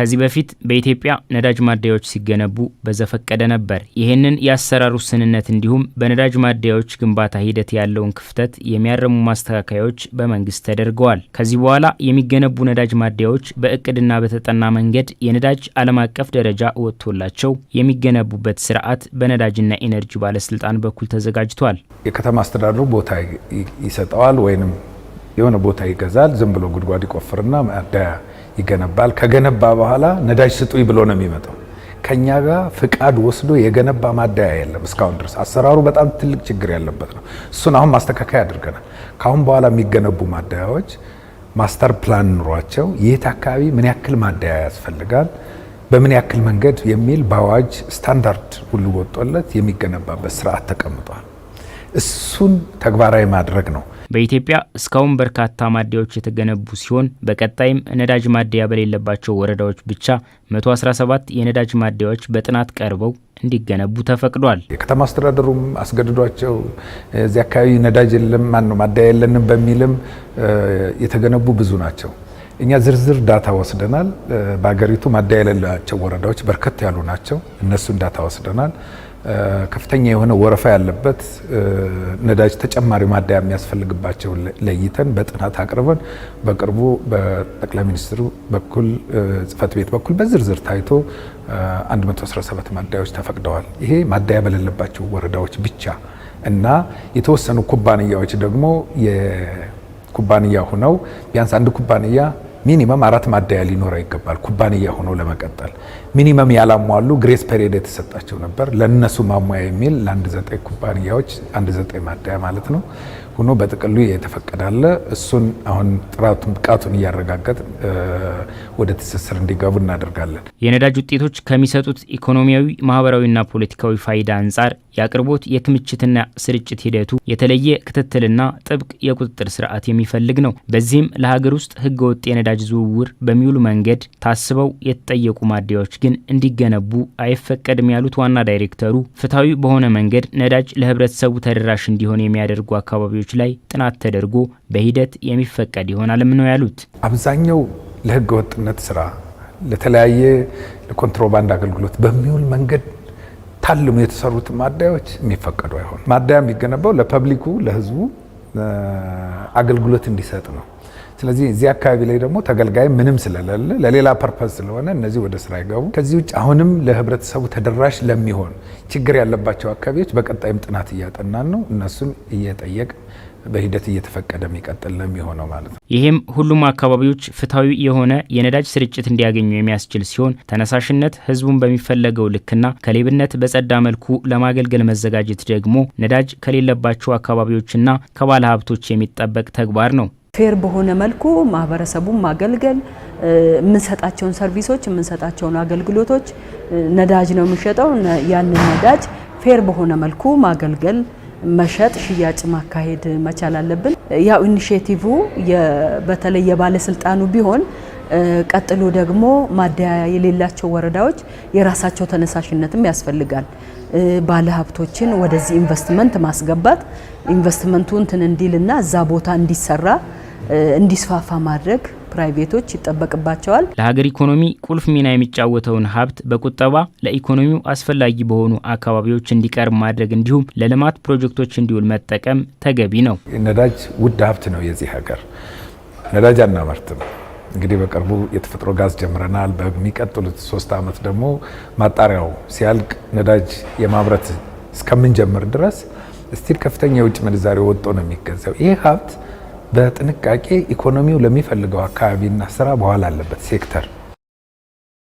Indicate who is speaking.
Speaker 1: ከዚህ በፊት በኢትዮጵያ ነዳጅ ማደያዎች ሲገነቡ በዘፈቀደ ነበር። ይህንን የአሰራር ውስንነት እንዲሁም በነዳጅ ማደያዎች ግንባታ ሂደት ያለውን ክፍተት የሚያረሙ ማስተካከያዎች በመንግስት ተደርገዋል። ከዚህ በኋላ የሚገነቡ ነዳጅ ማደያዎች በእቅድና በተጠና መንገድ የነዳጅ ዓለም አቀፍ ደረጃ ወጥቶላቸው የሚገነቡበት ስርዓት በነዳጅና ኢነርጂ ባለስልጣን በኩል ተዘጋጅቷል።
Speaker 2: የከተማ አስተዳደሩ ቦታ ይሰጠዋል ወይንም የሆነ ቦታ ይገዛል። ዝም ብሎ ጉድጓድ ይቆፍርና ማደያ ይገነባል። ከገነባ በኋላ ነዳጅ ስጡኝ ብሎ ነው የሚመጣው። ከኛ ጋር ፍቃድ ወስዶ የገነባ ማደያ የለም እስካሁን ድረስ። አሰራሩ በጣም ትልቅ ችግር ያለበት ነው። እሱን አሁን ማስተካከያ አድርገናል። ከአሁን በኋላ የሚገነቡ ማደያዎች ማስተር ፕላን ኑሯቸው የት አካባቢ ምን ያክል ማደያ ያስፈልጋል በምን ያክል መንገድ የሚል በአዋጅ ስታንዳርድ ሁሉ ወጦለት የሚገነባበት ስርዓት ተቀምጧል። እሱን ተግባራዊ ማድረግ ነው።
Speaker 1: በኢትዮጵያ እስካሁን በርካታ ማደያዎች የተገነቡ ሲሆን በቀጣይም ነዳጅ ማደያ በሌለባቸው ወረዳዎች ብቻ 117 የነዳጅ ማደያዎች በጥናት ቀርበው እንዲገነቡ ተፈቅዷል።
Speaker 2: የከተማ አስተዳደሩም አስገድዷቸው እዚህ አካባቢ ነዳጅ የለም ማነው ማደያ የለንም በሚልም የተገነቡ ብዙ ናቸው። እኛ ዝርዝር ዳታ ወስደናል። በሀገሪቱ ማደያ የሌላቸው ወረዳዎች በርከት ያሉ ናቸው። እነሱን ዳታ ወስደናል። ከፍተኛ የሆነ ወረፋ ያለበት ነዳጅ ተጨማሪ ማደያ የሚያስፈልግባቸው ለይተን በጥናት አቅርበን በቅርቡ በጠቅላይ ሚኒስትሩ በኩል ጽሕፈት ቤት በኩል በዝርዝር ታይቶ 117 ማደያዎች ተፈቅደዋል። ይሄ ማደያ በሌለባቸው ወረዳዎች ብቻ እና የተወሰኑ ኩባንያዎች ደግሞ የኩባንያ ሆነው ቢያንስ አንድ ኩባንያ ሚኒመም አራት ማደያ ሊኖር ይገባል። ኩባንያ ሆኖ ለመቀጠል ሚኒመም ያላሟሉ ግሬስ ፔሪድ የተሰጣቸው ነበር። ለእነሱ ማሟያ የሚል ለአንድ ዘጠኝ ኩባንያዎች አንድ ዘጠኝ ማደያ ማለት ነው ሆኖ በጥቅሉ የተፈቀዳለ እሱን አሁን ጥራቱን ብቃቱን እያረጋገጥ ወደ ትስስር እንዲገቡ እናደርጋለን።
Speaker 1: የነዳጅ ውጤቶች ከሚሰጡት ኢኮኖሚያዊ፣ ማህበራዊና ፖለቲካዊ ፋይዳ አንጻር የአቅርቦት የክምችትና ስርጭት ሂደቱ የተለየ ክትትልና ጥብቅ የቁጥጥር ስርዓት የሚፈልግ ነው። በዚህም ለሀገር ውስጥ ህገወጥ የነዳ ለነዳጅ ዝውውር በሚውሉ መንገድ ታስበው የተጠየቁ ማደያዎች ግን እንዲገነቡ አይፈቀድም ያሉት ዋና ዳይሬክተሩ ፍትሐዊ በሆነ መንገድ ነዳጅ ለህብረተሰቡ ተደራሽ እንዲሆን የሚያደርጉ አካባቢዎች ላይ ጥናት ተደርጎ በሂደት የሚፈቀድ ይሆናልም ነው ያሉት።
Speaker 2: አብዛኛው ለህገ ወጥነት ስራ፣ ለተለያየ ለኮንትሮባንድ አገልግሎት በሚውል መንገድ ታልሙ የተሰሩት ማደያዎች የሚፈቀዱ አይሆን። ማደያ የሚገነባው ለፐብሊኩ ለህዝቡ አገልግሎት እንዲሰጥ ነው። ስለዚህ እዚህ አካባቢ ላይ ደግሞ ተገልጋይ ምንም ስለሌለ ለሌላ ፐርፐስ ስለሆነ እነዚህ ወደ ስራ ይገቡ። ከዚህ ውጭ አሁንም ለህብረተሰቡ ተደራሽ ለሚሆን ችግር ያለባቸው አካባቢዎች በቀጣይም ጥናት እያጠናን ነው። እነሱን እየጠየቅ በሂደት እየተፈቀደ የሚቀጥል ነው የሚሆነው ማለት ነው።
Speaker 1: ይህም ሁሉም አካባቢዎች ፍትሐዊ የሆነ የነዳጅ ስርጭት እንዲያገኙ የሚያስችል ሲሆን ተነሳሽነት ህዝቡን በሚፈለገው ልክና ከሌብነት በጸዳ መልኩ ለማገልገል መዘጋጀት ደግሞ ነዳጅ ከሌለባቸው አካባቢዎችና ከባለ ሀብቶች የሚጠበቅ ተግባር ነው።
Speaker 3: ፌር በሆነ መልኩ ማህበረሰቡን ማገልገል የምንሰጣቸውን ሰርቪሶች የምንሰጣቸውን አገልግሎቶች ነዳጅ ነው የምንሸጠው። ያንን ነዳጅ ፌር በሆነ መልኩ ማገልገል መሸጥ ሽያጭ ማካሄድ መቻል አለብን። ያው ኢኒሽቲቭ በተለይ የባለስልጣኑ ቢሆን ቀጥሎ ደግሞ ማደያ የሌላቸው ወረዳዎች የራሳቸው ተነሳሽነትም ያስፈልጋል። ባለሀብቶችን ወደዚህ ኢንቨስትመንት ማስገባት ኢንቨስትመንቱ እንትን እንዲልና እዛ ቦታ እንዲሰራ እንዲስፋፋ ማድረግ ፕራይቬቶች ይጠበቅባቸዋል።
Speaker 1: ለሀገር ኢኮኖሚ ቁልፍ ሚና የሚጫወተውን ሀብት በቁጠባ ለኢኮኖሚው አስፈላጊ በሆኑ አካባቢዎች እንዲቀርብ ማድረግ እንዲሁም ለልማት ፕሮጀክቶች እንዲውል መጠቀም ተገቢ ነው።
Speaker 2: ነዳጅ ውድ ሀብት ነው የዚህ ሀገር። ነዳጅ አናመርትም። እንግዲህ በቅርቡ የተፈጥሮ ጋዝ ጀምረናል። በሚቀጥሉት ሶስት ዓመት ደግሞ ማጣሪያው ሲያልቅ ነዳጅ የማምረት እስከምንጀምር ድረስ ስቲል ከፍተኛ የውጭ ምንዛሬ ወጥቶ ነው የሚገዛው ይህ ሀብት በጥንቃቄ ኢኮኖሚው ለሚፈልገው አካባቢና ስራ በኋላ አለበት ሴክተር